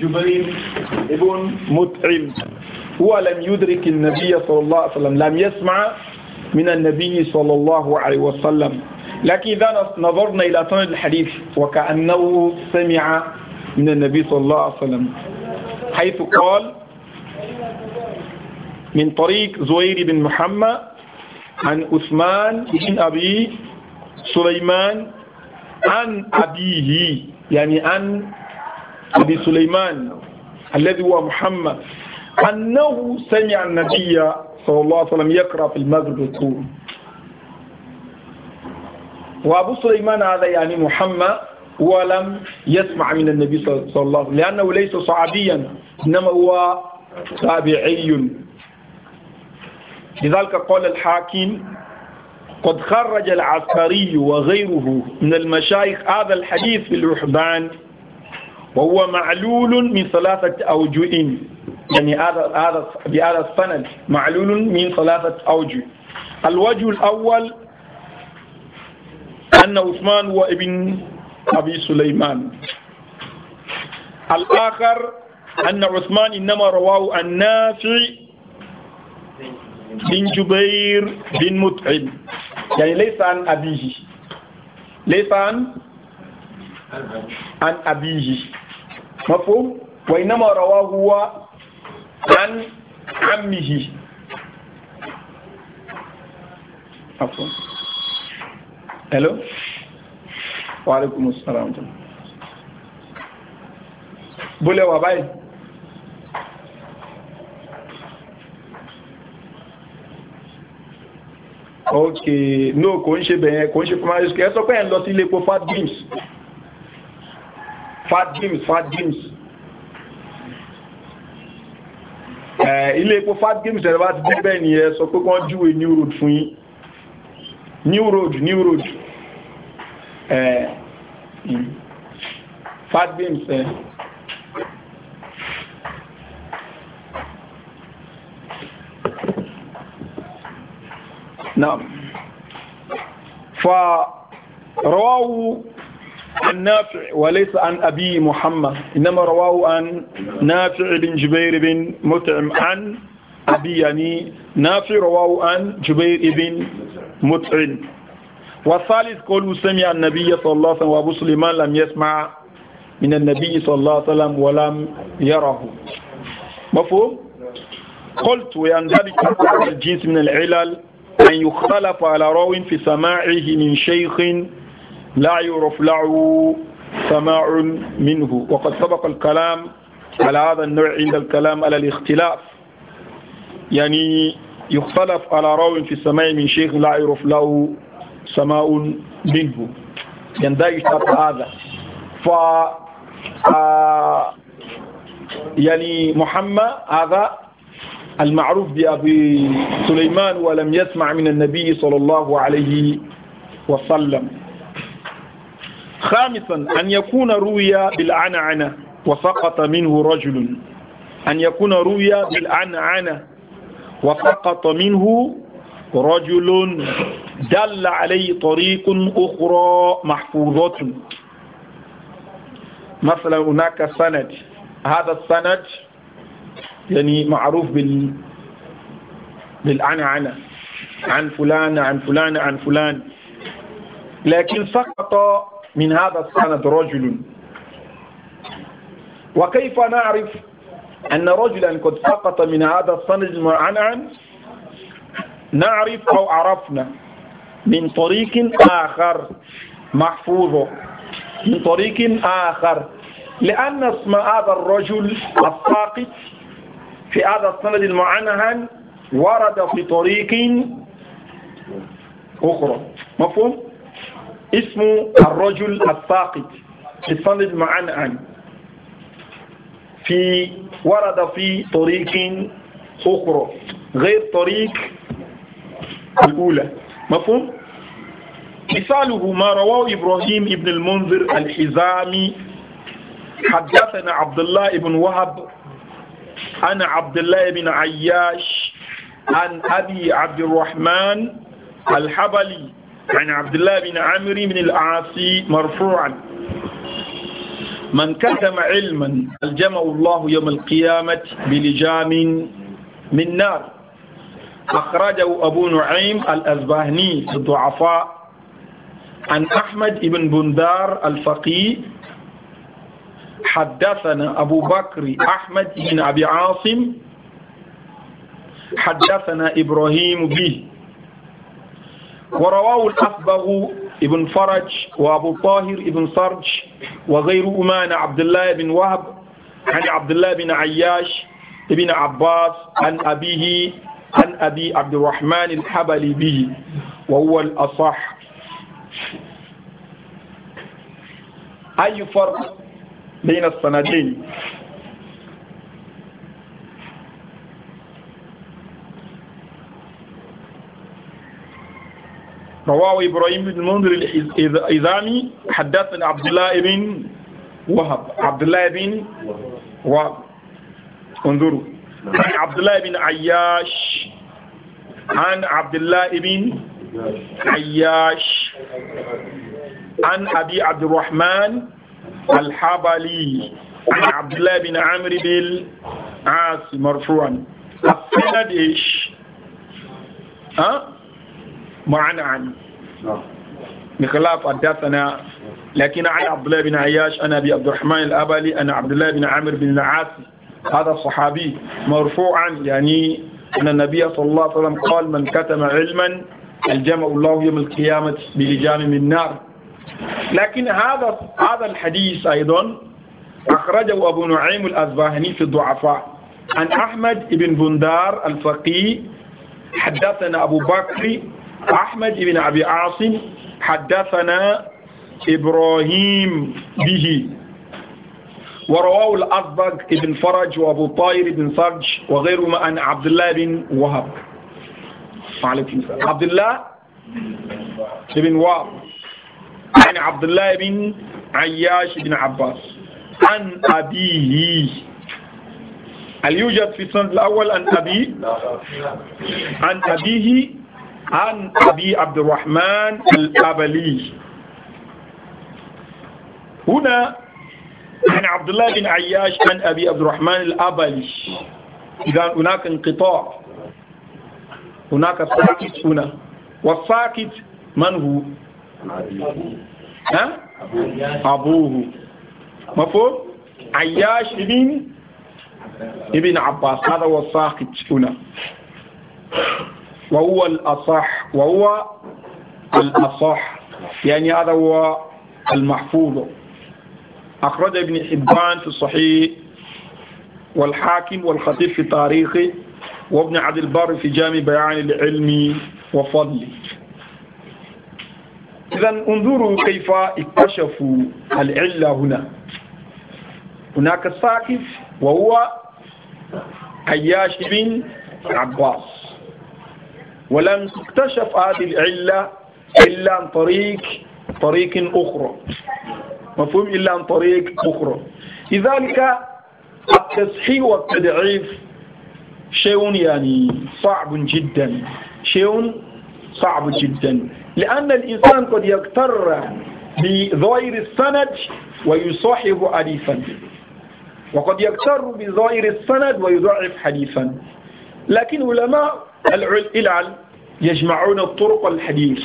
جبير ابن مطعم هو لم يدرك النبي صلى الله عليه وسلم لم يسمع من النبي صلى الله عليه وسلم لكن إذا نظرنا إلى سند الحديث وكأنه سمع من النبي صلى الله عليه وسلم حيث قال من طريق زهير بن محمد عن عثمان بن أبي سليمان عن أبيه يعني عن أبي سليمان الذي هو محمد أنه سمع النبي صلى الله عليه وسلم يقرأ في المغرب الطول وأبو سليمان هذا يعني محمد ولم يسمع من النبي صلى الله عليه وسلم لأنه ليس صعبيا إنما هو تابعي لذلك قال الحاكم قد خرج العسكري وغيره من المشايخ هذا الحديث في الرحبان وهو معلول من ثلاثة أوجه يعني هذا هذا بهذا السند معلول من ثلاثة أوجه الوجه الأول أن عثمان هو ابن أبي سليمان الآخر أن عثمان إنما رواه النافع بن جبير بن متعب يعني ليس عن أبيه ليس عن an abihi mafhum wa inma rawahu huwa an ammihi afwan hello wa alaikum assalam bole wa báyìí ok no kò ń ṣe bẹ̀yẹn kò ń ṣe primary school ẹ sọ pé ẹ ń lọ sí ilé epo fat beans fat games, fat games. ilé epo fat games. ẹ̀rọ bá ti dé bẹ́ẹ̀ ni ẹ sọ pé kí wọ́n júwe new road fún yín new road new road fat dreams ẹ̀. For فرواه عن نافع وليس عن أبي محمد إنما رواه عن نافع بن جبير بن مطعم عن أبي يعني نافع رواه عن جبير بن مطعم والثالث قوله سمع النبي صلى الله عليه وسلم وأبو سليمان لم يسمع من النبي صلى الله عليه وسلم ولم يره مفهوم؟ قلت ذلك الجنس من العلل أن يختلف على راو في سماعه من شيخ لا يعرف له سماع منه وقد سبق الكلام على هذا النوع عند الكلام على الاختلاف يعني يختلف على راو في السماء من شيخ لا يعرف له سماء منه يعني ده يشترط هذا ف آه، يعني محمد هذا المعروف بأبي سليمان ولم يسمع من النبي صلى الله عليه وسلم خامسا أن يكون رويا بالعنعنة وسقط منه رجل أن يكون رويا بالعنعنة وسقط منه رجل دل عليه طريق أخرى محفوظة مثلا هناك سند هذا السند يعني معروف بال بالعنعنة عن فلان عن فلان عن فلان لكن سقط من هذا السند رجل وكيف نعرف أن رجلا قد سقط من هذا السند المعنعن نعرف أو عرفنا من طريق آخر محفوظه من طريق آخر لأن اسم هذا الرجل الساقط في هذا السند المعنهن ورد في طريق أخرى مفهوم؟ اسم الرجل الساقط لسند المعنعن في ورد في طريق أخرى غير طريق الأولى مفهوم؟ مثاله ما رواه إبراهيم ابن المنذر الحزامي حدثنا عبد الله بن وهب عن عبد الله بن عياش عن أبي عبد الرحمن الحبلي عن عبد الله بن عمرو بن العاصي مرفوعا من كتم علما الجمع الله يوم القيامة بلجام من نار أخرجه أبو نعيم الأزباهني في الضعفاء عن أحمد بن بندار الفقيه حدثنا أبو بكر أحمد بن أبي عاصم حدثنا إبراهيم به ورواه الأصبغ ابن فرج وأبو طاهر ابن سرج وغيرهما أمان عبد الله بن وهب عن عبد الله بن عياش ابن عباس عن أبيه عن أبي عبد الرحمن الحبلي به وهو الأصح أي فرق بين السندين رواه إبراهيم بن المنذر الإذامي حدثنا عبد الله بن وهب عبد الله بن وهب انظروا عن عبد الله بن عياش عن عبد الله بن عياش عن أبي عبد الرحمن الحبلي عن عبد الله بن عمرو بن العاص مرفوعا السند ايش؟ ها؟ عن بخلاف حدثنا لكن عن عبد الله بن عياش أنا أبي عبد الرحمن الأبلي أنا عبد الله بن عامر بن العاص هذا الصحابي مرفوعا يعني أن النبي صلى الله عليه وسلم قال من كتم علما الجمع الله يوم القيامة بلجام من نار لكن هذا هذا الحديث أيضا أخرجه أبو نعيم الأزباهني في الضعفاء عن أحمد بن بندار الفقيه حدثنا أبو بكر أحمد بن أبي عاصم حدثنا إبراهيم به ورواه الأصبغ بن فرج وأبو طاير بن فرج وغيرهما عن عبد الله بن وهب عبد الله بن وهب عن عبد الله بن عياش بن عباس عن أبيه هل يوجد في السند الأول عن أبي عن أبيه عن أبي عبد الرحمن الأبلي هنا عن عبد الله بن عياش عن أبي عبد الرحمن الأبلي إذا هناك انقطاع هناك ساكت هنا والساكت من هو؟ ها؟ أبوه مفهوم؟ عياش بن ابن عباس هذا هو الساكت هنا وهو الأصح وهو الأصح يعني هذا هو المحفوظ أخرج ابن حبان في الصحيح والحاكم والخطيب في تاريخه وابن عبد البر في جامع بيان العلم وفضله إذا انظروا كيف اكتشفوا العلة هنا هناك الساقف وهو أياش بن عباس ولن تكتشف هذه العلة إلا عن طريق طريق أخرى مفهوم إلا عن طريق أخرى لذلك التصحيح والتضعيف شيء يعني صعب جدا شيء صعب جدا لأن الإنسان قد يقتر بظاهر السند ويصاحب حديثا وقد يقتر بظاهر السند ويضعف حديثا لكن علماء العلل يجمعون الطرق الحديث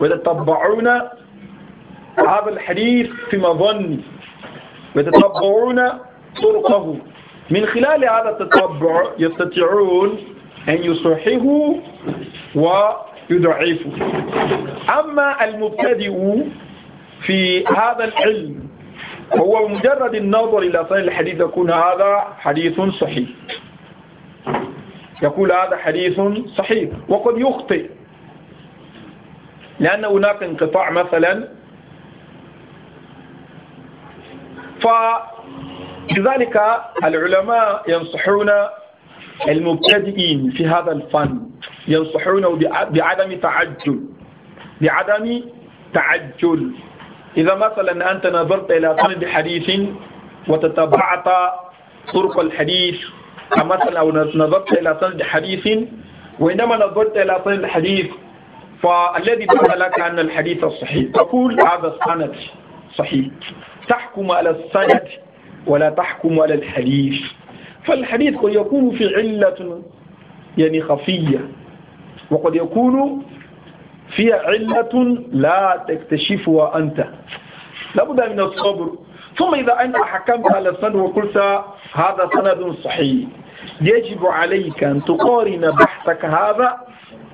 ويتطبعون هذا الحديث في مظن ويتتبعون طرقه من خلال هذا التتبع يستطيعون أن يصححوا ويضعفوا أما المبتدئ في هذا العلم هو مجرد النظر إلى صحيح الحديث يكون هذا حديث صحيح يقول هذا حديث صحيح وقد يخطئ لأن هناك انقطاع مثلا فلذلك العلماء ينصحون المبتدئين في هذا الفن ينصحونه بعدم تعجل بعدم تعجل إذا مثلا أنت نظرت إلى طلب حديث وتتبعت طرق الحديث مثلا أو نظرت إلى سند حديث وإنما نظرت إلى سند الحديث فالذي بدا لك أن الحديث صحيح تقول هذا السند صحيح تحكم على السند ولا تحكم على الحديث فالحديث قد يكون في علة يعني خفية وقد يكون في علة لا تكتشفها أنت لابد من الصبر ثم إذا أنت حكمت على السند وقلت هذا سند صحيح يجب عليك أن تقارن بحثك هذا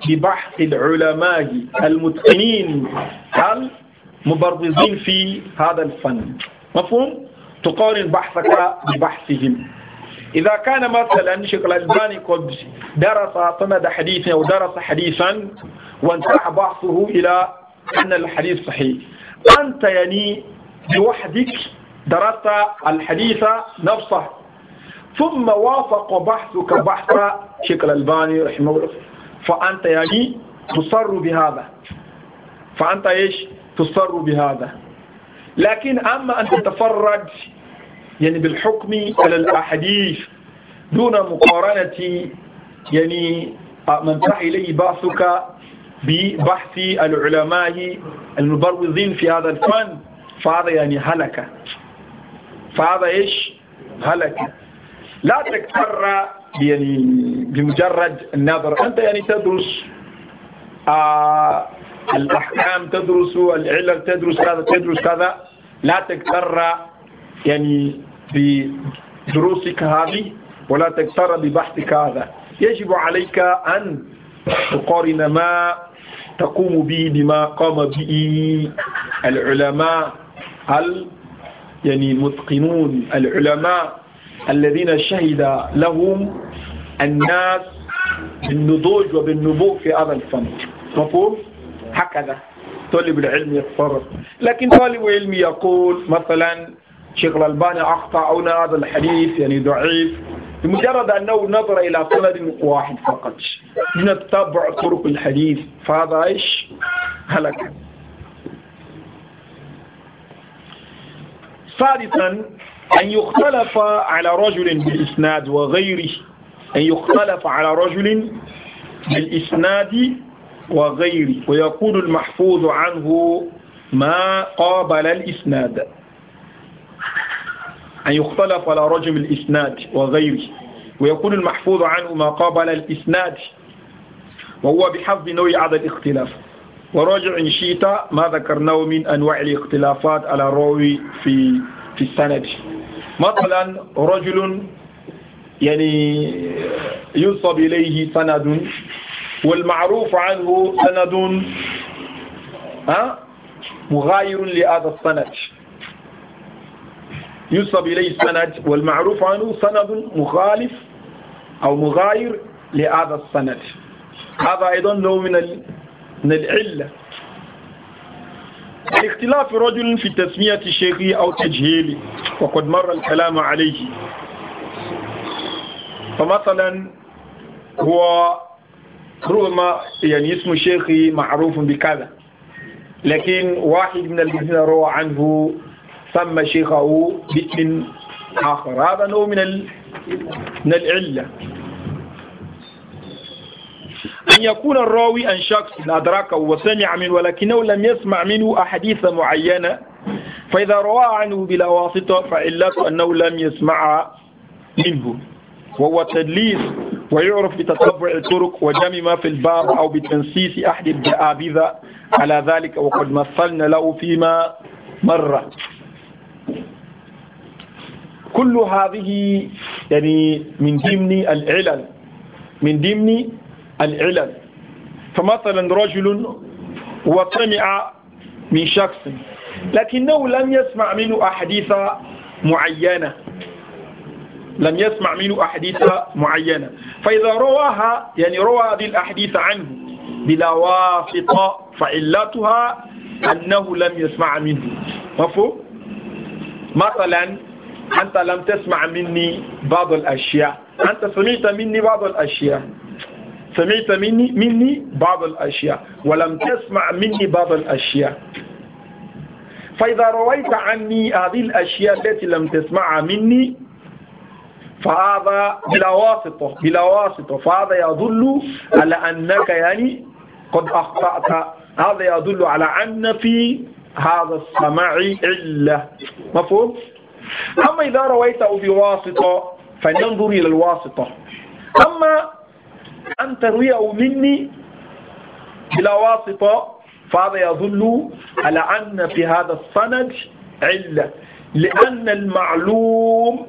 ببحث العلماء المتقنين المبرزين في هذا الفن مفهوم؟ تقارن بحثك ببحثهم إذا كان مثلا شيخ الألباني قد درس سند حديثا أو درس حديثا وانتهى بحثه إلى أن الحديث صحيح أنت يعني بوحدك درست الحديث نفسه ثم وافق بحثك بحث شيخ الألباني رحمه الله فأنت يعني تصر بهذا فأنت إيش تصر بهذا لكن أما أن تتفرج يعني بالحكم على الأحاديث دون مقارنة يعني من تحي إليه بحثك ببحث العلماء المبرزين في هذا الفن فهذا يعني هلك فهذا إيش هلك لا تكتر يعني بمجرد النظر أنت يعني تدرس آه الأحكام تدرس العلل تدرس كذا تدرس كذا لا تكتر يعني بدروسك هذه ولا تكتر ببحثك هذا يجب عليك أن تقارن ما تقوم به بما قام به العلماء ال يعني متقنون العلماء الذين شهد لهم الناس بالنضوج وبالنبوء في هذا الفن مفهوم هكذا طالب العلم يتصرف لكن طالب العلم يقول مثلا شيخ الألباني أخطأ أو هذا الحديث يعني ضعيف بمجرد أنه نظر إلى سند واحد فقط من التبع طرق الحديث فهذا إيش هلك سادسا أن يختلف على رجل بالإسناد وغيره أن يختلف على رجل بالإسناد وغيره ويقول المحفوظ عنه ما قابل الإسناد أن يختلف على رجل بالإسناد وغيره ويقول المحفوظ عنه ما قابل الإسناد وهو بحظ نوع هذا الاختلاف وراجع إن شئت ما ذكرناه من أنواع الاختلافات على الراوي في في السند مثلا رجل يعني ينصب إليه سند والمعروف عنه سند ها مغاير لهذا السند ينصب إليه سند والمعروف عنه سند مخالف أو مغاير لهذا السند هذا أيضا نوع من من العلة الاختلاف رجل في تسمية الشيخ أو تجهيله وقد مر الكلام عليه فمثلا هو ربما يعني اسم الشيخ معروف بكذا لكن واحد من الذين روى عنه سمى شيخه باسم آخر هذا نوع من من العلة أن يكون الراوي أن شخص أدركه وسمع منه ولكنه لم يسمع منه أحاديث معينة فإذا روى عنه بلا واسطة فإلا أنه لم يسمع منه وهو تدليس ويعرف بتتبع الطرق وجمع ما في الباب أو بتنسيس أحد الجآبذة على ذلك وقد مثلنا له فيما مرة كل هذه يعني من ضمن العلل من ضمن العلل فمثلا رجل وطمع من شخص لكنه لم يسمع منه أحاديث معينة لم يسمع منه أحاديث معينة فإذا رواها يعني روى هذه الأحاديث عنه بلا واسطة فعلتها أنه لم يسمع منه مفهوم؟ مثلا أنت لم تسمع مني بعض الأشياء أنت سمعت مني بعض الأشياء سمعت مني مني بعض الأشياء ولم تسمع مني بعض الأشياء فإذا رويت عني هذه الأشياء التي لم تسمعها مني فهذا بلا واسطة بلا واسطة فهذا يدل على أنك يعني قد أخطأت هذا يدل على أن في هذا السماع علة مفهوم؟ أما إذا رويته بواسطة فننظر إلى الواسطة أما أن ترويه مني بلا واسطة فهذا يظل على أن في هذا الصند علة لأن المعلوم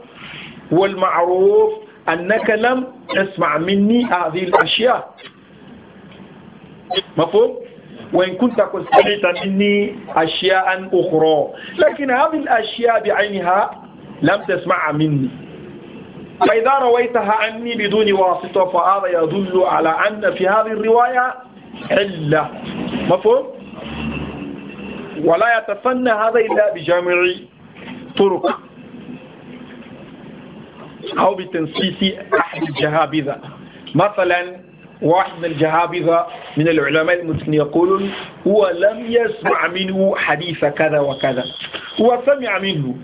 والمعروف أنك لم تسمع مني هذه الأشياء مفهوم؟ وإن كنت قد سمعت مني أشياء أخرى لكن هذه الأشياء بعينها لم تسمع مني فإذا رويتها عني بدون واسطة فهذا يدل على أن في هذه الرواية علة مفهوم؟ ولا يتفنى هذا إلا بجامع طرق أو بتنصيص أحد الجهابذة مثلا واحد من الجهابذة من العلماء المسلمين يقول هو لم يسمع منه حديث كذا وكذا هو سمع منه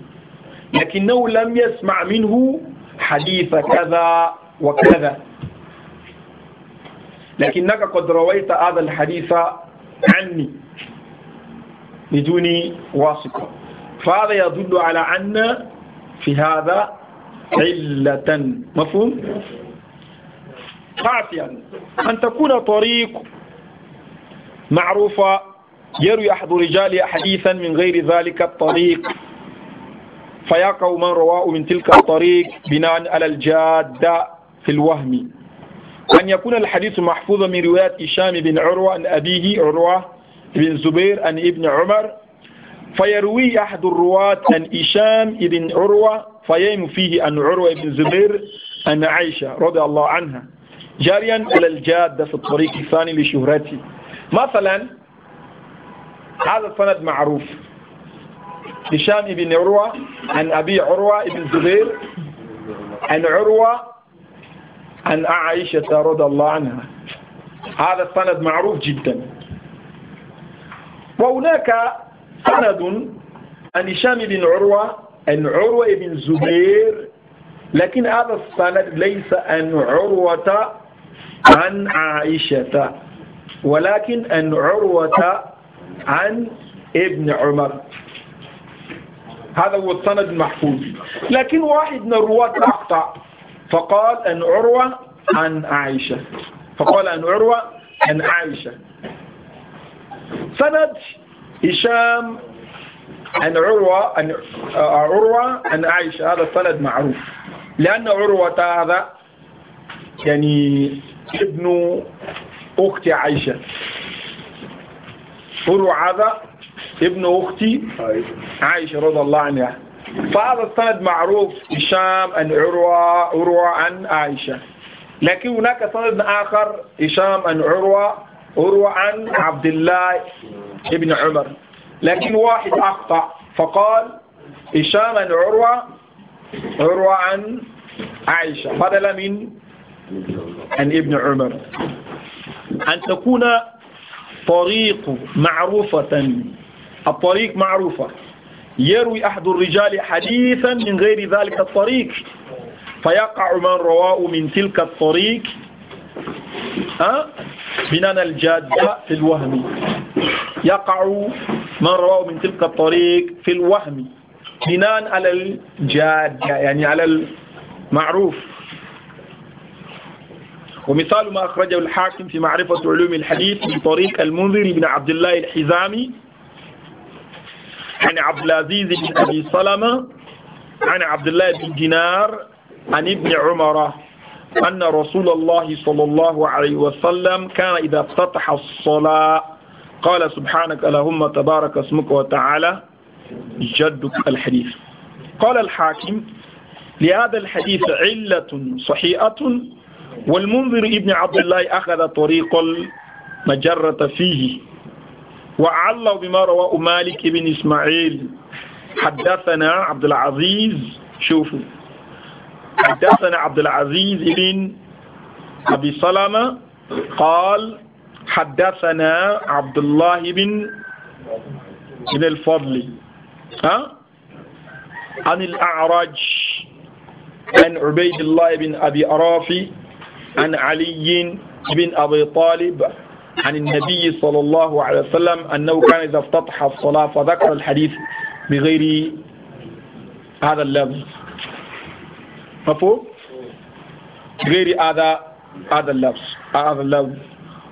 لكنه لم يسمع منه حديث كذا وكذا لكنك قد رويت هذا الحديث عني بدون واسطة فهذا يدل على أن في هذا علة مفهوم؟ عافيا أن تكون طريق معروفة يروي أحد رجال حديثا من غير ذلك الطريق فيقع من رواه من تلك الطريق بناء على الجادة في الوهم أن يكون الحديث محفوظا من رواية هشام بن عروة عن أبيه عروة بن زبير عن ابن عمر فيروي أحد الرواة عن هشام بن عروة فيم فيه عن عروة بن زبير عن عائشة رضي الله عنها جاريا إلى الجادة في الطريق الثاني لشهرته مثلا هذا السند معروف هشام بن عروة عن أبي عروة بن الزبير عن عروة عن عائشة رضي الله عنها هذا السند معروف جدا وهناك سند عن هشام بن عروة عن عروة بن الزبير لكن هذا السند ليس عن عروة عن عائشة ولكن عن عروة عن ابن عمر هذا هو السند المحفوظ لكن واحد من الرواة أخطأ فقال أن عروة عن عائشة فقال أن عروة عن عائشة سند هشام عن عروة عن آه، عروة عن عائشة هذا سند معروف لأن عروة هذا يعني ابن أخت عائشة عروة هذا ابن أختي عائشة رضي الله عنها فهذا السند معروف هشام أن عروة عروة عن عائشة لكن هناك سند آخر هشام أن عروة عروة عن عبد الله ابن عمر لكن واحد أخطأ فقال هشام أن عروة عروة عن عائشة بدلا من عن ابن عمر أن تكون طريق معروفة الطريق معروفة يروي أحد الرجال حديثا من غير ذلك الطريق فيقع من رواه من تلك الطريق أه؟ بناء الجادة في الوهم يقع من رواه من تلك الطريق في الوهم بناء على الجادة يعني على المعروف ومثال ما أخرجه الحاكم في معرفة علوم الحديث من طريق المنذر بن عبد الله الحزامي عن عبد العزيز بن أبي سلمة عن عبد الله بن دينار عن ابن عمر أن رسول الله صلى الله عليه وسلم كان إذا افتتح الصلاة قال سبحانك اللهم تبارك اسمك وتعالى جدك الحديث قال الحاكم لهذا الحديث علة صحيحة والمنذر ابن عبد الله أخذ طريق المجرة فيه وعلوا بما رواه مالك بن إسماعيل حدثنا عبد العزيز شوفوا حدثنا عبد العزيز بن أبي سلمة قال حدثنا عبد الله بن بن الفضل ها عن الأعرج عن عبيد الله بن أبي أرافي عن علي بن أبي طالب عن النبي صلى الله عليه وسلم أنه كان إذا افتتح الصلاة فذكر الحديث بغير هذا اللفظ مفهوم؟ غير هذا هذا اللفظ هذا اللفظ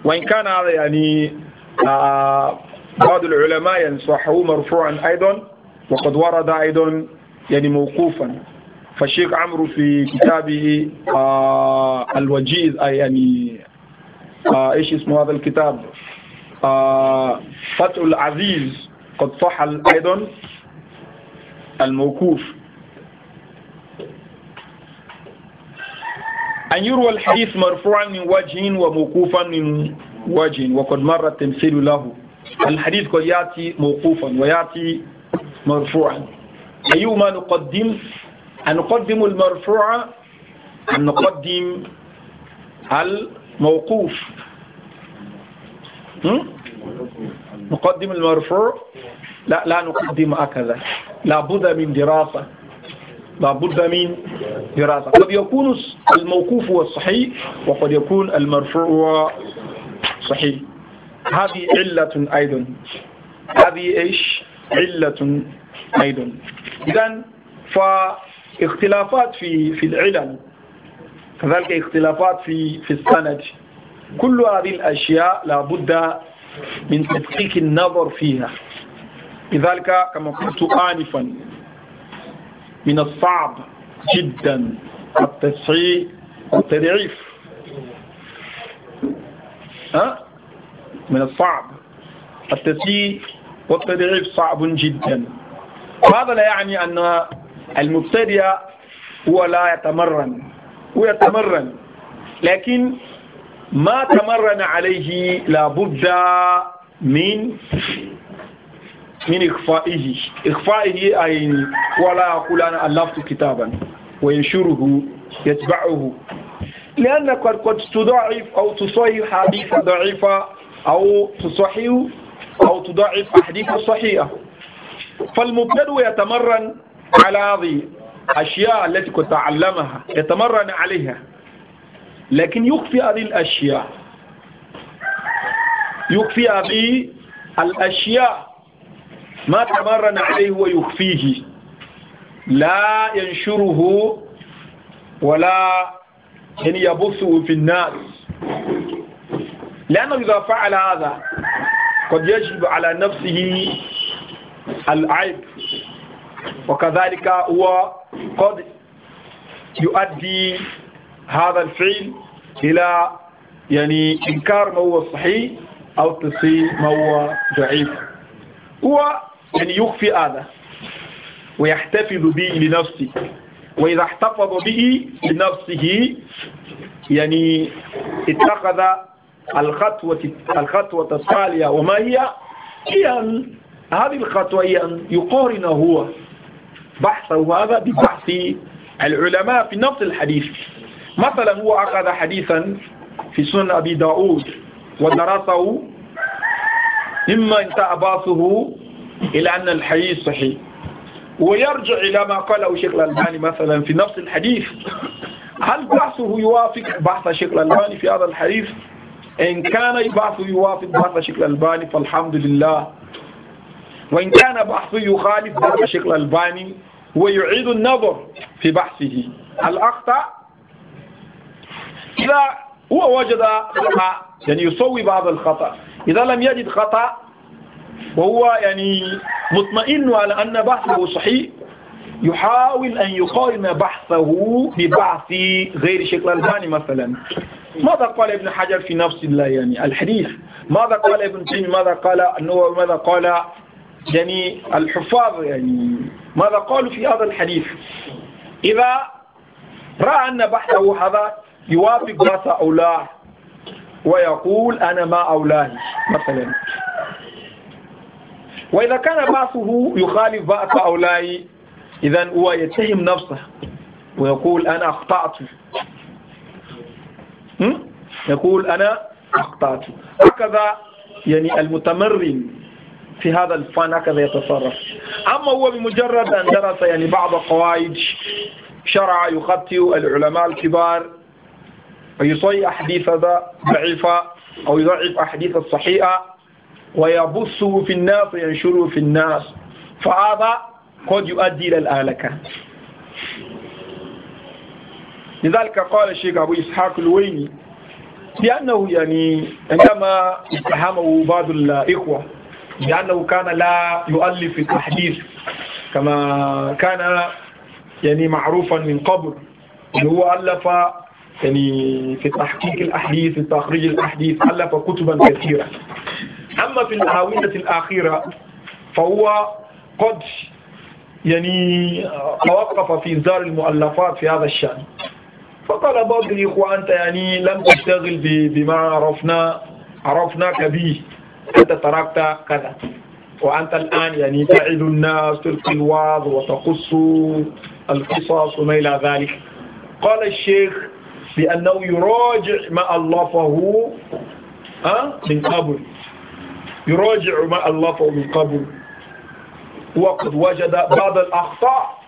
وإن كان هذا يعني آه، بعض العلماء ينصحه مرفوعا أيضا وقد ورد أيضا يعني موقوفا فالشيخ عمرو في كتابه آه الوجيز آه، يعني آه، ايش اسم هذا الكتاب آه، فتح العزيز قد صح ايضا الموقوف أن يروى الحديث مرفوعا من وجه وموقوفا من وجه وقد مر التمثيل له الحديث قد يأتي موقوفا ويأتي مرفوعا أيهما نقدم أن نقدم المرفوع أن نقدم موقوف نقدم المرفوع لا لا نقدم هكذا لابد من دراسة لابد من دراسة قد يكون الموقوف هو الصحيح وقد يكون المرفوع هو صحيح هذه علة أيضا هذه إيش علة أيضا إذا فاختلافات في في العلل كذلك اختلافات في في السند كل هذه الأشياء لابد من تدقيق النظر فيها لذلك كما قلت آنفا من الصعب جدا التصحيح والتضعيف ها من الصعب التصحيح والتضعيف صعب جدا هذا لا يعني أن المبتدئ هو لا يتمرن ويتمرن لكن ما تمرن عليه لابد من من إخفائه إخفائه أي ولا يقول أنا ألفت كتابا وينشره يتبعه لأنك قد تضعف أو تصحح حديث ضعيفة أو تصحح أو تضعف أحاديث صحيحة فالمبتدئ يتمرن على هذه أشياء التي قد تعلمها يتمرن عليها لكن يخفي هذه الأشياء يخفي هذه الأشياء ما تمرن عليه ويخفيه لا ينشره ولا يعني يبثه في الناس لأنه إذا فعل هذا قد يجب على نفسه العيب وكذلك هو قد يؤدي هذا الفعل إلى يعني إنكار ما هو صحيح أو تصيح ما هو ضعيف هو يعني يخفي هذا ويحتفظ به لنفسه وإذا احتفظ به لنفسه يعني اتخذ الخطوة الخطوة التالية وما هي هي هذه الخطوة هي أن يقارن هو بحثه هذا ببحث العلماء في نفس الحديث مثلا هو أخذ حديثا في سنن أبي داود ودرسه مما انتهى باصه إلى أن الحديث صحيح ويرجع إلى ما قاله شيخ الألباني مثلا في نفس الحديث هل بحثه يوافق بحث شيخ الألباني في هذا الحديث إن كان بحثه يوافق بحث شيخ الألباني فالحمد لله وإن كان بحثه يخالف هذا شكل الباني ويعيد النظر في بحثه الأخطأ إذا هو وجد خطأ يعني يصوب هذا الخطأ إذا لم يجد خطأ وهو يعني مطمئن على أن بحثه صحيح يحاول أن يقارن بحثه ببعث غير شكل الباني مثلا ماذا قال ابن حجر في نفس الله يعني الحديث ماذا قال ابن تيمية ماذا قال النووي ماذا قال يعني الحفاظ يعني ماذا قالوا في هذا الحديث إذا رأى أن بحثه هذا يوافق بحث أولاه ويقول أنا ما أولاه مثلا وإذا كان بحثه يخالف بحث أولاه إذا هو يتهم نفسه ويقول أنا أخطأت يقول أنا أخطأت هكذا يعني المتمرن في هذا الفن هكذا يتصرف أما هو بمجرد أن درس يعني بعض قواعد شرع يخطئ العلماء الكبار ويصي أحاديث ضعيفة أو يضعف أحاديث الصحيحة ويبثه في الناس وينشره في الناس فهذا قد يؤدي إلى الآلكة لذلك قال الشيخ أبو إسحاق الويني لأنه يعني عندما اتهمه بعض الإخوة لأنه كان لا يؤلف التحديث كما كان يعني معروفا من قبل اللي هو ألف يعني في تحقيق الأحاديث في تخريج الأحاديث ألف كتبا كثيرة أما في الآونة الأخيرة فهو قد يعني توقف في إصدار المؤلفات في هذا الشأن فقال بعض الإخوة أنت يعني لم تشتغل بما عرفنا عرفناك به أنت تركت كذا وأنت الآن يعني تعد الناس تلقي الواض وتقص القصص وما إلى ذلك قال الشيخ بأنه يراجع ما ألفه آه، من قبل يراجع ما ألفه من قبل وقد وجد بعض الأخطاء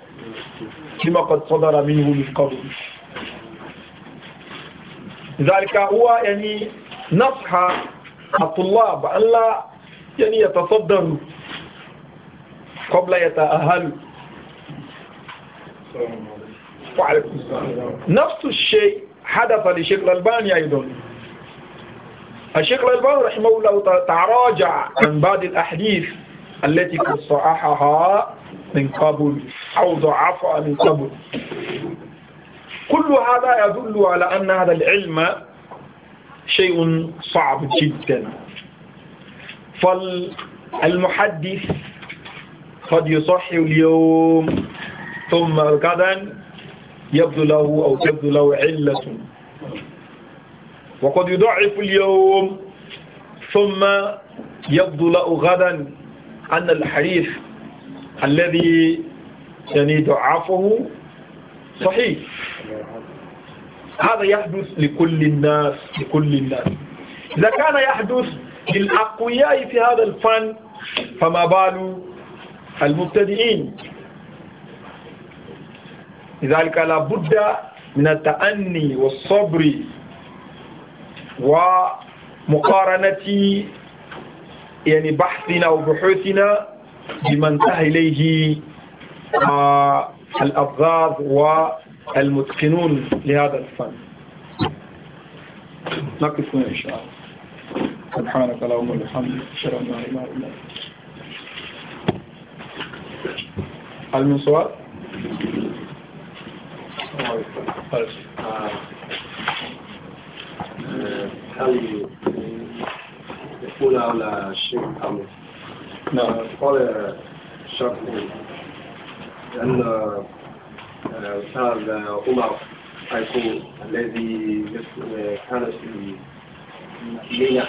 لما قد صدر منه من قبل ذلك هو يعني نصح الطلاب أن لا يعني يتصدروا قبل يتأهلوا نفس الشيء حدث لشيخ الألباني أيضا الشيخ الألباني رحمه الله تراجع عن بعض الأحاديث التي قد صححها من قبل أو ضعفها من قبل كل هذا يدل على أن هذا العلم شيء صعب جدا فالمحدث قد يصحي اليوم ثم غدا يبدو له أو تبدو له علة وقد يضعف اليوم ثم يبدو له غدا أن الحديث الذي يعني ضعفه صحيح هذا يحدث لكل الناس لكل الناس إذا كان يحدث للأقوياء في هذا الفن فما بال المبتدئين لذلك لا بد من التأني والصبر ومقارنة يعني بحثنا وبحوثنا بما انتهى إليه آه، الأبغاض و المتقنون لهذا الفن نقف هنا إن شاء الله سبحانك اللهم وبحمدك أشهد أن لا إله إلا أنت هل من سؤال؟ هل يقول على الشيخ محمد؟ نعم قال شرحه أن وشارل عمر أيكون الذي كان في مينا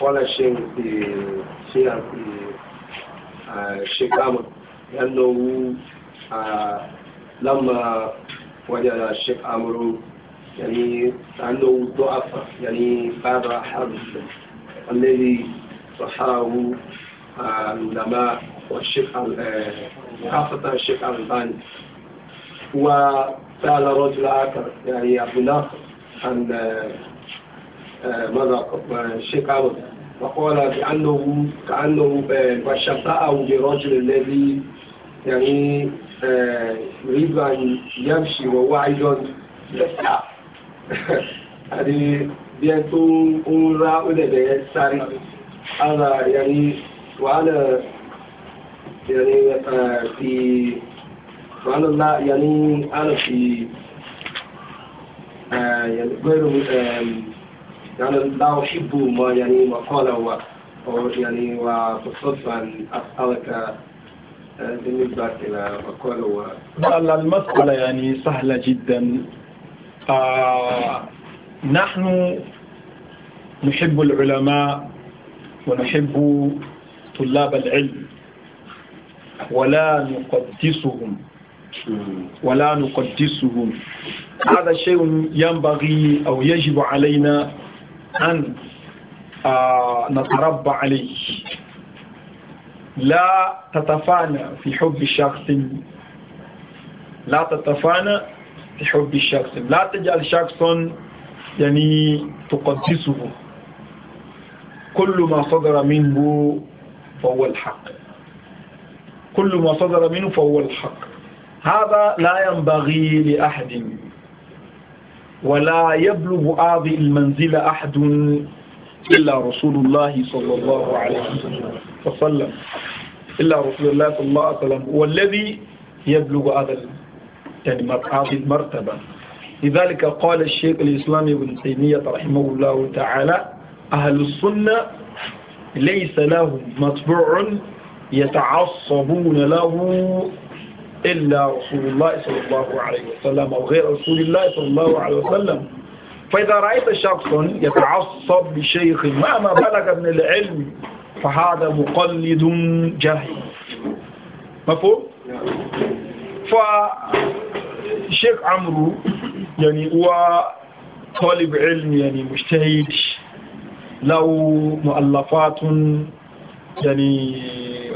ولا شيء في شيء في شيكاما لأنه آه، لما وجد الشيخ عمرو يعني أنه ضعف يعني بعد حرب الذي صحاه آه، العلماء والشيخ آه، خاصة الشيخ الألباني وسأل رجل آخر يعني أبو ناصر عن آه، ماذا شيكاغو فقال وقال بأنه كأنه بشفاءه برجل الذي يعني آه، يريد أن يمشي وهو أيضا هذه بينتو أولى هذا يعني وأنا يعني آه، في فأنا لا يعني أنا في آه، يعني غير يعني لا أحب ما يعني ما قاله يعني وخصوصا أسألك آه، بالنسبة إلى ما قاله المسألة يعني سهلة جدا آه نحن نحب العلماء ونحب طلاب العلم ولا نقدسهم ولا نقدسهم هذا شيء ينبغي أو يجب علينا أن آه، نتربى عليه لا تتفانى في حب شخص لا تتفانى في حب شخص لا تجعل شخصا يعني تقدسه كل ما صدر منه فهو الحق كل ما صدر منه فهو الحق هذا لا ينبغي لأحد ولا يبلغ هذه المنزلة أحد إلا رسول الله صلى الله عليه وسلم إلا رسول الله صلى الله عليه وسلم والذي يبلغ هذا يعني هذه المرتبة لذلك قال الشيخ الإسلام ابن تيمية رحمه الله تعالى أهل السنة ليس لهم مطبوع يتعصبون له إلا رسول الله صلى الله عليه وسلم أو غير رسول الله صلى الله عليه وسلم فإذا رأيت شخصا يتعصب بشيخ مهما بلغ من العلم فهذا مقلد جاهل مفهوم؟ فالشيخ عمرو يعني هو طالب علم يعني مجتهد له مؤلفات يعني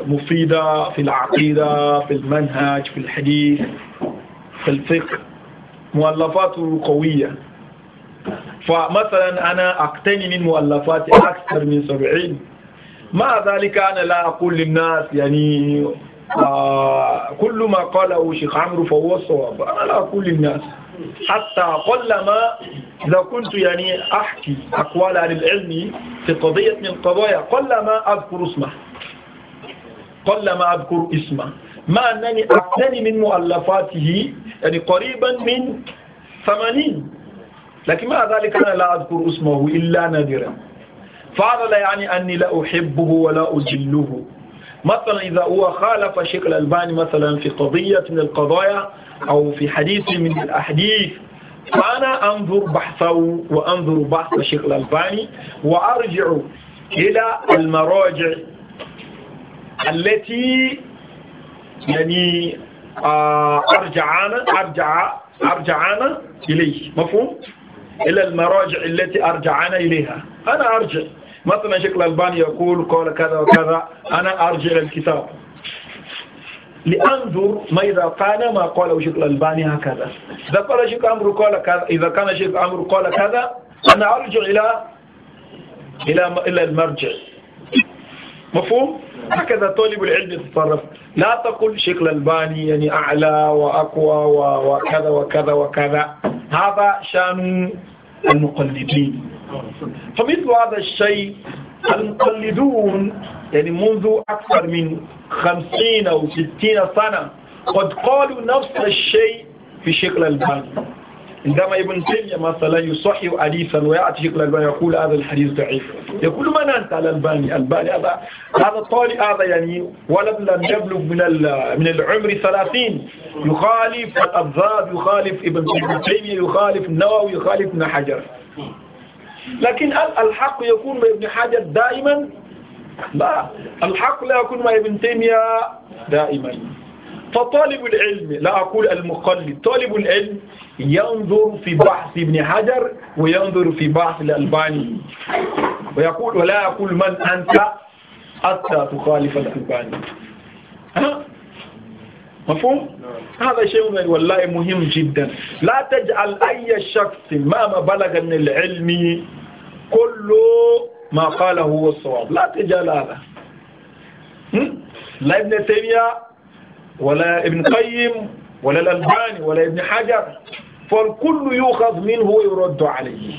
مفيدة في العقيدة في المنهج في الحديث في الفقه مؤلفاته قوية فمثلا أنا أقتني من مؤلفاتي أكثر من سبعين مع ذلك أنا لا أقول للناس يعني آه كل ما قاله شيخ عمرو فهو الصواب أنا لا أقول للناس حتى قلما إذا كنت يعني أحكي أقوال عن العلم في قضية من القضايا قلما أذكر اسمه قلما أذكر اسمه مع أنني أقتني من مؤلفاته يعني قريبا من ثمانين لكن مع ذلك أنا لا أذكر اسمه إلا نادرا فهذا لا يعني أني لا أحبه ولا أجله مثلا إذا هو خالف شكل الباني مثلا في قضية من القضايا أو في حديث من الأحاديث فأنا أنظر بحثه وأنظر بحث الشيخ الألباني وأرجع إلى المراجع التي يعني آه، أرجعنا أرجع أرجعنا إليه مفهوم؟ إلى المراجع التي أرجعنا إليها أنا أرجع مثلا شكل الألباني يقول قال كذا وكذا أنا أرجع الكتاب لأنظر ما إذا قال ما قاله شيخ الألباني هكذا إذا قال شيخ عمرو قال كذا إذا كان شيخ عمرو قال كذا أنا أرجع إلى إلى إلى المرجع مفهوم؟ هكذا طالب العلم يتصرف لا تقل شيخ الألباني يعني أعلى وأقوى وكذا وكذا وكذا هذا شان المقلدين فمثل هذا الشيء المقلدون يعني منذ أكثر من خمسين أو ستين سنة قد قالوا نفس الشيء في شكل الباني عندما ابن تيمية مثلا يصحي حديثا ويأتي شكل الباني يقول هذا الحديث ضعيف يقول من أنت على الباني الباني هذا هذا طالب هذا يعني ولم لم يبلغ من من العمر ثلاثين يخالف الأبذاب يخالف ابن تيمية يخالف النووي يخالف ابن حجر لكن الحق يكون مع ابن حجر دائما لا الحق لا يكون مع ابن تيمية دائما فطالب العلم لا أقول المقلد طالب العلم ينظر في بحث ابن حجر وينظر في بحث الألباني ويقول ولا يقول من أنت حتى تخالف الألباني ها مفهوم؟ هذا شيء والله مهم جدا لا تجعل أي شخص مهما بلغ من العلم كل ما قاله هو الصواب لا تجعل هذا لا ابن تيمية ولا ابن قيم ولا الألباني ولا ابن حجر فالكل يؤخذ منه ويرد عليه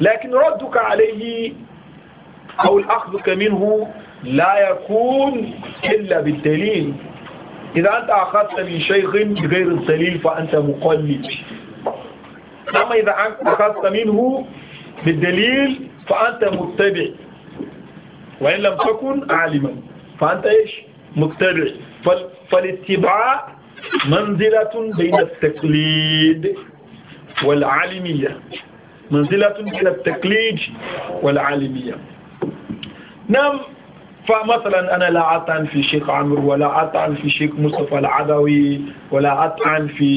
لكن ردك عليه أو الأخذك منه لا يكون إلا بالدليل إذا أنت أخذت من شيخ غير سليل فأنت مقلد أما إذا أخذت منه بالدليل فأنت متبع وإن لم تكن عالما فأنت إيش متبع فالاتباع منزلة بين التقليد والعالمية منزلة بين التقليد والعالمية نعم فمثلا أنا لا أطعن في شيخ عمرو ولا أطعن في شيخ مصطفى العدوي ولا أطعن في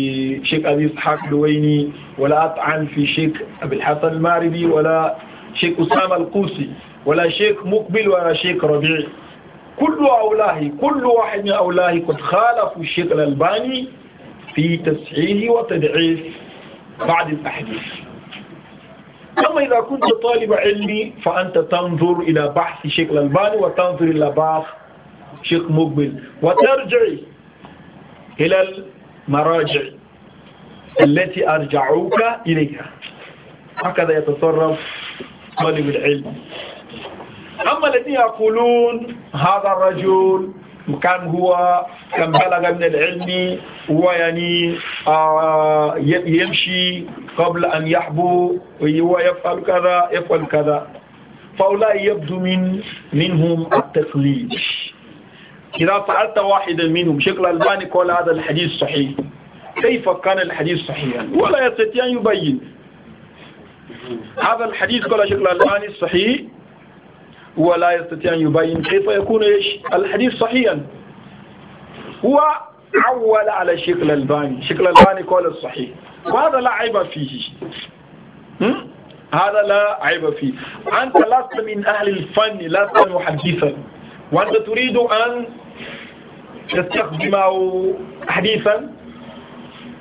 شيخ أبي إسحاق دويني ولا أطعن في شيخ أبي الحسن الماربي ولا شيخ أسامة القوسي ولا شيخ مقبل ولا شيخ ربيع كل أولاه كل واحد من أولاه قد خالفوا الشيخ الألباني في تسعيه وتدعيف بعد الأحاديث أما إذا كنت طالب علمي فأنت تنظر إلى بحث شيخ الألباني وتنظر إلى بحث شيخ مقبل وترجع إلى المراجع التي أرجعوك إليها هكذا يتصرف طالب العلم أما الذين يقولون هذا الرجل كان هو كان بلغ من العلم هو يعني آه يمشي قبل أن يحبو هو يفعل كذا يفعل كذا فاولا يبدو من منهم التقليد إذا فعلت واحدا منهم شكل الباني قال هذا الحديث صحيح كيف كان الحديث صحيحا ولا يستطيع أن يبين هذا الحديث قال شكل الباني صحيح هو لا يستطيع أن يبين كيف يكون إيش الحديث صحيحا هو عول على شكل الباني شكل الباني قال الصحيح وهذا لا عيب فيه هم؟ هذا لا عيب فيه أنت لست من أهل الفن لست محدثا وأنت تريد أن تستخدمه حديثا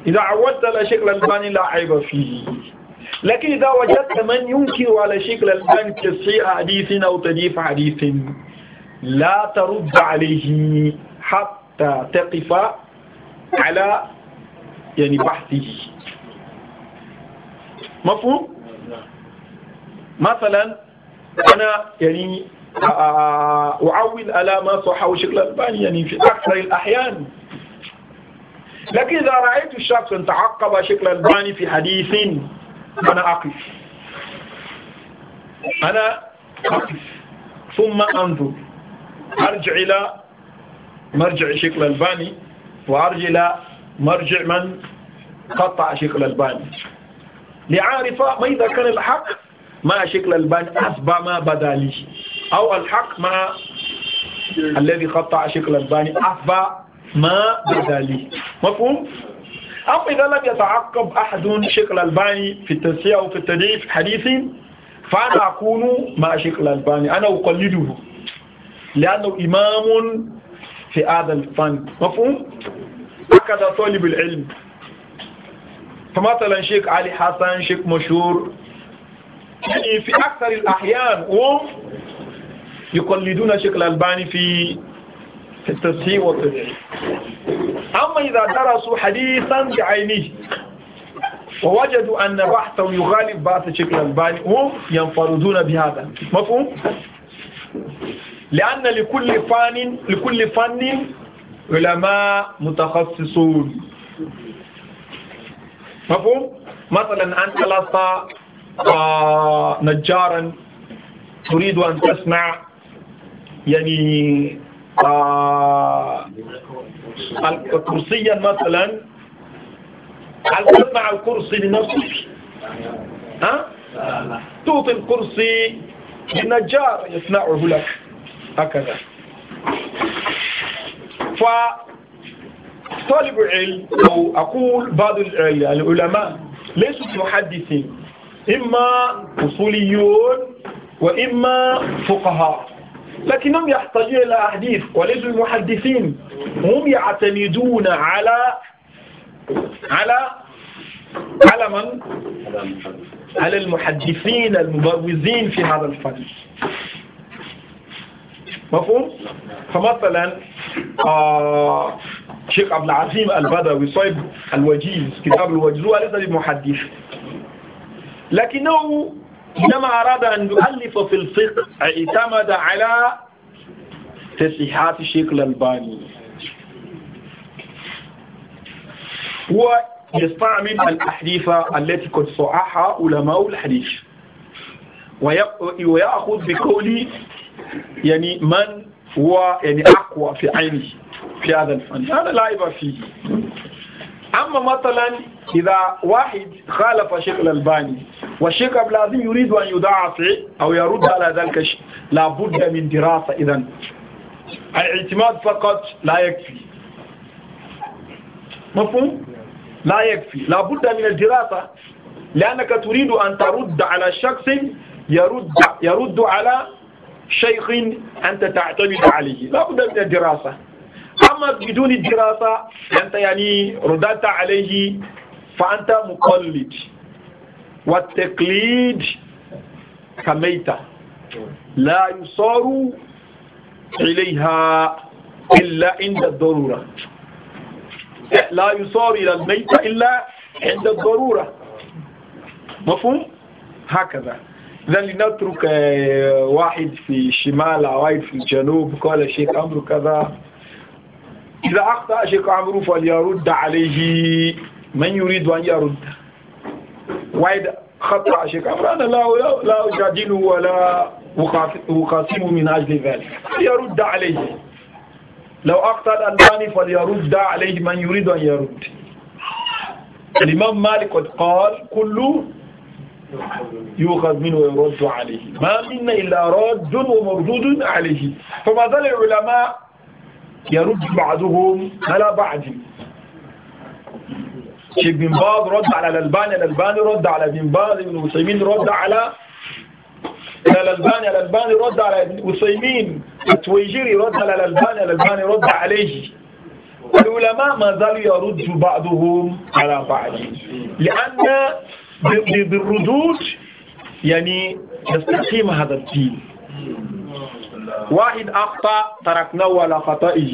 إذا عودت على شكل الباني لا عيب فيه لكن إذا وجدت من ينكر على شكل البنك تصحيح حديث أو تضيف حديث لا ترد عليه حتى تقف على يعني بحثه مفهوم؟ مثلا أنا يعني آه، آه، آه، أعول على ما صحه شكل الباني يعني في أكثر الأحيان لكن إذا رأيت شخصا تعقب شكل الباني في حديث أنا أقف أنا أقف ثم أنظر أرجع إلى مرجع شكل الباني وأرجع إلى مرجع من قطع شكل الباني لعارف ما إذا كان الحق مع شكل الباني أسبع ما بدا لي أو الحق مع الذي قطع شكل الباني أسبع ما بدا لي مفهوم؟ أو إذا لم يتعقب أحد شكل الباني في التسيع أو في التدريب حديثي فأنا أكون مع شكل الباني أنا أقلده لأنه إمام في هذا الفن مفهوم؟ هكذا طالب العلم فمثلا شيخ علي حسن شيخ مشهور يعني في أكثر الأحيان هم يقلدون شكل الباني في التسهيل والتدريب أما إذا درسوا حديثا بعينه ووجدوا أن بحثه يغالب بحث شيخ الباني هم ينفردون بهذا مفهوم؟ لأن لكل فن لكل فن علماء متخصصون مفهوم؟ مثلا أنت لست آه، نجارا تريد أن تصنع يعني آه، كرسيا مثلا هل تمنع الكرسي لنفسك؟ ها؟ تعطي الكرسي للنجار يصنعه لك هكذا فطالب العلم أو أقول بعض العلماء ليسوا محدثين إما أصوليون وإما فقهاء لكنهم يحتاجون إلى أحاديث وليس المحدثين هم يعتمدون على على على من؟ على المحدثين المبروزين في هذا الفن مفهوم؟ فمثلا آه شيخ عبد العظيم البدوي صاحب الوجيز كتاب الوجيز هو ليس بمحدث لكنه عندما أراد أن يؤلف في الفقه اعتمد على تصحيحات الشيخ الألباني هو يستعمل الأحاديث التي قد صححها علماء الحديث ويأخذ بقول يعني من هو يعني أقوى في عينه في هذا الفن هذا لا يبقى فيه أما مثلا إذا واحد خالف شيخ الألباني والشيخ عبد العظيم يريد أن يضاعف أو يرد على ذلك الشيء لابد من دراسة إذا الاعتماد فقط لا يكفي مفهوم؟ لا يكفي لابد من الدراسة لأنك تريد أن ترد على شخص يرد, يرد على شيخ أنت تعتمد عليه لابد من الدراسة أما بدون الدراسة أنت يعني رددت عليه فأنت مقلد والتقليد كميتة لا يصار إليها إلا عند الضرورة لا يصار إلى الميتة إلا عند الضرورة مفهوم؟ هكذا إذا لنترك آه، واحد في الشمال أو واحد في الجنوب قال الشيخ عمرو كذا إذا أخطأ الشيخ عمرو فليرد عليه من يريد أن يرد واحد خطا شيخ عمران لا لا أجادله ولا أقاسمه من أجل ذلك يرد عليه لو أقتل الألباني فليرد عليه من يريد أن يرد الإمام مالك قد قال كل يؤخذ منه ويرد عليه ما منا إلا رد ومردود عليه فما زال العلماء يرد بعضهم على بعض شيخ بن باز رد على الألباني الألباني رد على بن باز ابن عثيمين رد على الألباني الألباني رد على ابن عثيمين التويجيري رد على الألباني الألباني رد عليه العلماء ما زالوا يرد بعضهم على بعض لأن بالردود يعني يستقيم هذا الدين واحد أخطأ تركناه على خطئه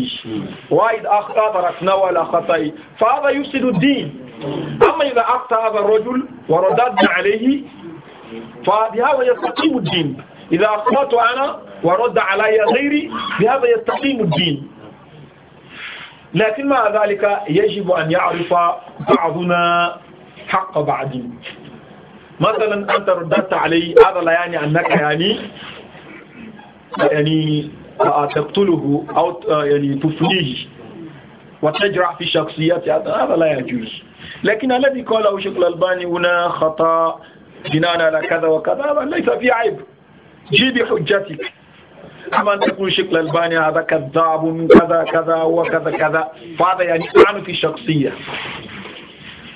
واحد أخطأ تركناه على خطئه فهذا يفسد الدين أما إذا أخطأ هذا الرجل ورددنا عليه فبهذا يستقيم الدين إذا أخطأت أنا ورد علي غيري بهذا يستقيم الدين لكن مع ذلك يجب أن يعرف بعضنا حق بعض مثلا أنت رددت علي هذا لا يعني أنك يعني يعني آه، تقتله أو آه، يعني تفنيه وتجرح في شخصيات هذا لا يجوز لكن الذي قاله شيخ الألباني هنا خطأ بناء على كذا وكذا هذا ليس في عيب جيب حجتك أما أن تقول شيخ الألباني هذا كذاب كذا كذا وكذا كذا فهذا يعني طعن في شخصية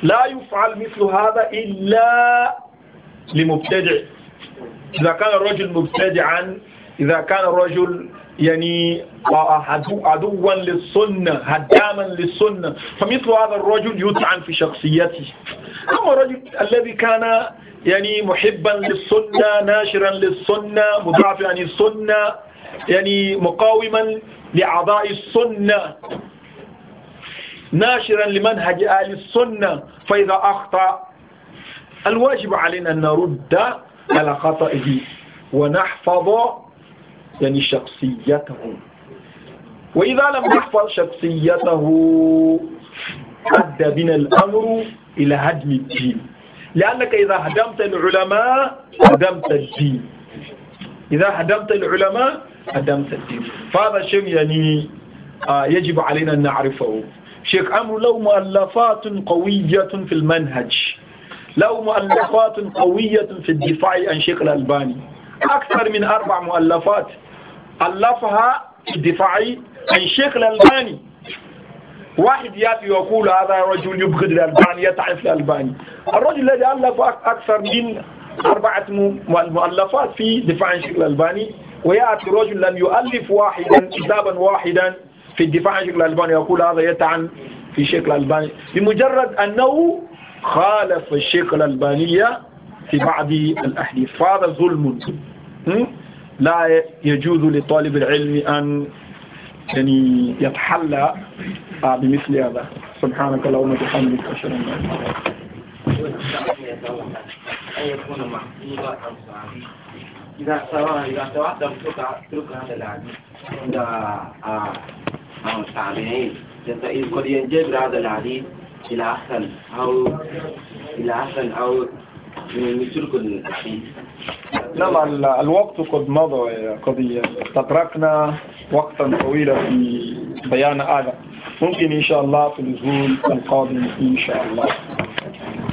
لا يفعل مثل هذا إلا لمبتدع إذا كان الرجل مبتدعا إذا كان الرجل يعني آه، آه، عدوا للسنة هداما للسنة فمثل هذا الرجل يطعن في شخصيته أما الرجل الذي كان يعني محبا للسنة ناشرا للسنة مدافعا عن السنة يعني مقاوما لأعضاء السنة ناشرا لمنهج أهل السنة فإذا أخطأ الواجب علينا أن نرد على خطئه ونحفظ يعني شخصيته وإذا لم يحفظ شخصيته أدى بنا الأمر إلى هدم الدين لأنك إذا هدمت العلماء هدمت الدين إذا هدمت العلماء هدمت الدين فهذا شيء يعني آه، يجب علينا أن نعرفه شيخ أمر له مؤلفات قوية في المنهج له مؤلفات قوية في الدفاع عن شيخ الألباني أكثر من أربع مؤلفات ألفها الدفاع عن شيخ الألباني واحد يأتي ويقول هذا رجل يبغض الألباني يتعف الألباني الرجل الذي ألف أكثر من أربعة مؤلفات في دفاع عن شيخ الألباني ويأتي رجل لم يؤلف واحدا كتابا واحدا في الدفاع عن شيخ الألباني يقول هذا يتعن في شيخ الألباني بمجرد أنه خالف الشيخ الألبانية في بعض الأحاديث فهذا ظلم لا يجوز لطالب العلم أن يعني يتحلى بمثل هذا سبحانك اللهم وبحمدك أشهد أن لا إله إلا إذا سواء إذا سواء ترك هذا العديد عند آه، آه، التابعين قد ينجز هذا العديد إلى أحسن أو إلى أحسن أو نعم الوقت قد مضى يا قضية تتركنا وقتا طويلا في بيان هذا ممكن إن شاء الله في الأسبوع القادم إن شاء الله